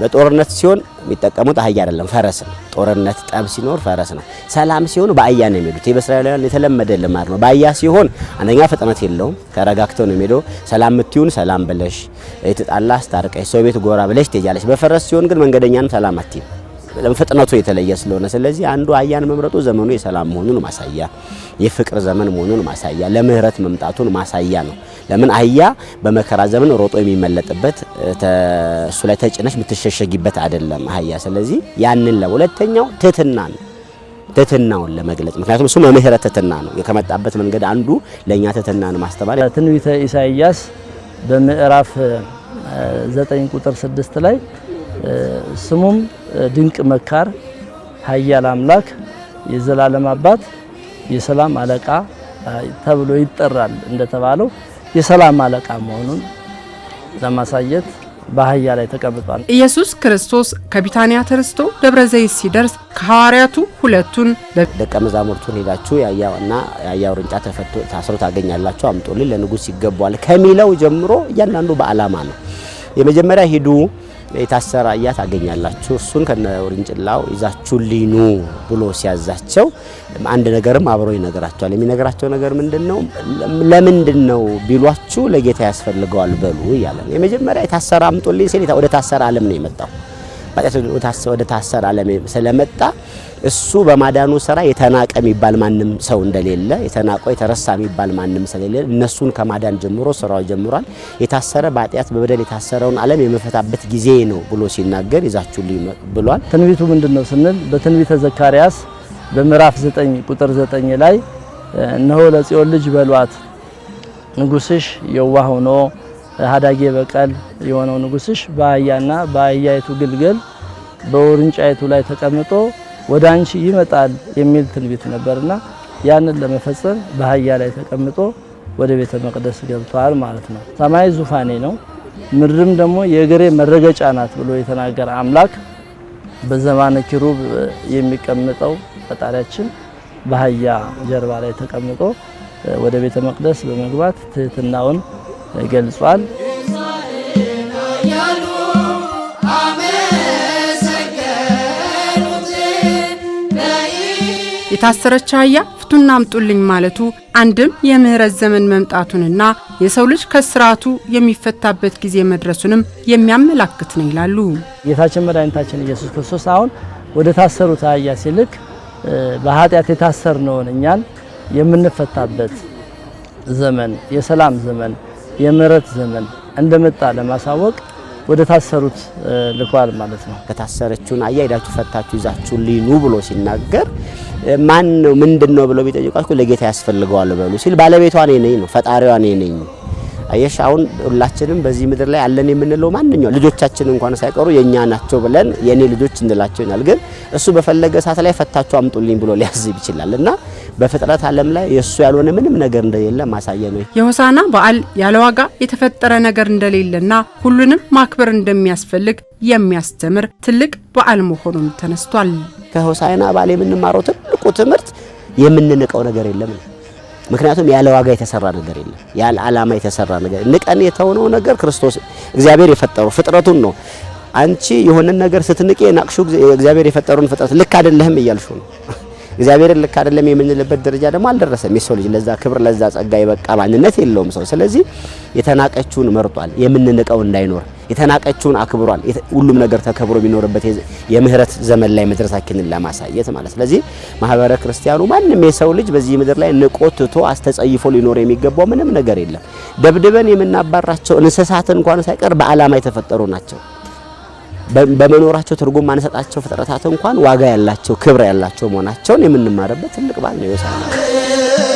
በጦርነት ሲሆን የሚጠቀሙት አህያ አይደለም፣ ፈረስ ነው። ጦርነት ጠብ ሲኖር ፈረስ ነው። ሰላም ሲሆን በአህያ ነው የሚሄዱት። በእስራኤላውያን የተለመደ ልማድ ነው። በአህያ ሲሆን አንደኛ ፍጥነት የለውም፣ ተረጋግተው ነው የሚሄደው። ሰላም ምትዩን ሰላም ብለሽ የተጣላ አስታርቀሽ ሰው ቤት ጎራ ብለሽ ትሄጃለሽ። በፈረስ ሲሆን ግን መንገደኛንም ሰላም አትይም። ፍጥነቱ የተለየ ስለሆነ፣ ስለዚህ አንዱ አህያን መምረጡ ዘመኑ የሰላም መሆኑን ማሳያ፣ የፍቅር ዘመን መሆኑን ማሳያ፣ ለምህረት መምጣቱን ማሳያ ነው። ለምን አህያ በመከራ ዘመን ሮጦ የሚመለጥበት እሱ ላይ ተጭነሽ የምትሸሸጊበት አይደለም አህያ። ስለዚህ ያንን ለሁለተኛው ትህትና ነው ትህትናውን ለመግለጽ ምክንያቱም እሱ መምህረት ትህትና ነው። ከመጣበት መንገድ አንዱ ለእኛ ትህትናን ማስተማር ትንቢተ ኢሳይያስ በምዕራፍ ዘጠኝ ቁጥር ስድስት ላይ ስሙም ድንቅ መካር፣ ኃያል አምላክ፣ የዘላለም አባት፣ የሰላም አለቃ ተብሎ ይጠራል። እንደተባለው የሰላም አለቃ መሆኑን ለማሳየት በአህያ ላይ ተቀምጧል። ኢየሱስ ክርስቶስ ከቢታንያ ተነስቶ ደብረ ዘይት ሲደርስ ከሐዋርያቱ ሁለቱን ደቀ መዛሙርቱን ሄዳችሁ የአህያና የአያው ርንጫ ተፈቶ ታስሮ ታገኛላችሁ፣ አምጦልን ለንጉሥ ይገባዋል ከሚለው ጀምሮ እያንዳንዱ በዓላማ ነው። የመጀመሪያ ሂዱ የታሰረ አያ ታገኛላችሁ፣ እሱን ከነ ውርንጭላው ይዛችሁ ሊኑ ብሎ ሲያዛቸው አንድ ነገርም አብሮ ይነግራቸዋል። የሚነግራቸው ነገር ምንድን ነው? ለምንድን ነው ቢሏችሁ ለጌታ ያስፈልገዋል በሉ እያለ ነው። የመጀመሪያ የታሰረ አምጡልኝ ሲል ወደ ታሰረ ዓለም ነው የመጣው። ኃጢአት ወደ ታሰረ ዓለም ስለመጣ እሱ በማዳኑ ስራ የተናቀ የሚባል ማንም ሰው እንደሌለ የተናቀው የተረሳ የሚባል ማንም ሰው እነሱን ከማዳን ጀምሮ ስራው ጀምሯል። የታሰረ በኃጢአት በበደል የታሰረውን ዓለም የመፈታበት ጊዜ ነው ብሎ ሲናገር ይዛችሁልኝ ብሏል። ትንቢቱ ምንድን ነው ስንል በትንቢተ ዘካርያስ በምዕራፍ 9 ቁጥር 9 ላይ እነሆ ለጽዮን ልጅ በሏት ንጉስሽ የዋህ ሆኖ ሀዳጌ በቀል የሆነው ንጉስሽ በአህያና በአህያይቱ ግልገል በውርንጫይቱ ላይ ተቀምጦ ወደ አንቺ ይመጣል የሚል ትንቢት ነበርና ያንን ለመፈጸም በአህያ ላይ ተቀምጦ ወደ ቤተ መቅደስ ገብቷል ማለት ነው። ሰማይ ዙፋኔ ነው፣ ምድርም ደግሞ የእግሬ መረገጫ ናት ብሎ የተናገረ አምላክ በዘማነ ኪሩብ የሚቀመጠው ፈጣሪያችን በአህያ ጀርባ ላይ ተቀምጦ ወደ ቤተ መቅደስ በመግባት ትህትናውን ገልጿል። የታሰረች አህያ ፍቱና አምጡልኝ ማለቱ አንድም የምህረት ዘመን መምጣቱንና የሰው ልጅ ከስርዓቱ የሚፈታበት ጊዜ መድረሱንም የሚያመላክት ነው ይላሉ። ጌታችን መድኃኒታችን ኢየሱስ ክርስቶስ አሁን ወደ ታሰሩት አህያ ሲልክ በኃጢአት የታሰርነውን እኛን የምንፈታበት ዘመን፣ የሰላም ዘመን፣ የምህረት ዘመን እንደመጣ ለማሳወቅ ወደ ታሰሩት ልኳል ማለት ነው። ከታሰረችውን አያይዳችሁ ፈታችሁ ይዛችሁ ሊኑ ብሎ ሲናገር ማን ነው ምንድን ነው ብለው ቢጠይቋት ለጌታ ያስፈልገዋል በሉ ሲል ባለቤቷ እኔ ነኝ ነው ፈጣሪዋ እኔ ነኝ። አየሽ አሁን ሁላችንም በዚህ ምድር ላይ አለን የምንለው ማንኛው ልጆቻችን እንኳን ሳይቀሩ የእኛ ናቸው ብለን የእኔ ልጆች እንላቸው ይናል። ግን እሱ በፈለገ ሰዓት ላይ ፈታችሁ አምጡልኝ ብሎ ሊያዝብ ይችላል እና በፍጥረት ዓለም ላይ የእሱ ያልሆነ ምንም ነገር እንደሌለ ማሳያ ነው። የሆሳና በዓል ያለ ዋጋ የተፈጠረ ነገር እንደሌለና ሁሉንም ማክበር እንደሚያስፈልግ የሚያስተምር ትልቅ በዓል መሆኑን ተነስቷል። ከሆሳና በዓል የምንማረው ትልቁ ትምህርት የምንንቀው ነገር የለም ነው። ምክንያቱም ያለ ዋጋ የተሰራ ነገር የለም። ያለ ዓላማ የተሰራ ነገር ንቀን የተሆነው ነገር ክርስቶስ እግዚአብሔር የፈጠረው ፍጥረቱን ነው። አንቺ የሆነን ነገር ስትንቄ ናቅሹ እግዚአብሔር የፈጠረውን ፍጥረት ልክ አይደለህም እያልሹ ነው። እግዚአብሔርን ልክ አይደለም የምንልበት ደረጃ ደግሞ አልደረሰም። የሰው ልጅ ለዛ ክብር ለዛ ጸጋ የበቃ ማንነት የለውም ሰው። ስለዚህ የተናቀችውን መርጧል። የምንንቀው እንዳይኖር የተናቀችውን አክብሯል። ሁሉም ነገር ተከብሮ ቢኖርበት የምህረት ዘመን ላይ መድረሳችንን ለማሳየት ማለት። ስለዚህ ማህበረ ክርስቲያኑ ማንም የሰው ልጅ በዚህ ምድር ላይ ንቆ ትቶ አስተጸይፎ ሊኖር የሚገባው ምንም ነገር የለም። ደብድበን የምናባራቸው እንስሳት እንኳን ሳይቀር በዓላማ የተፈጠሩ ናቸው። በመኖራቸው ትርጉም ማንሰጣቸው ፍጥረታት እንኳን ዋጋ ያላቸው ክብር ያላቸው መሆናቸውን የምንማርበት ትልቅ በዓል ነው።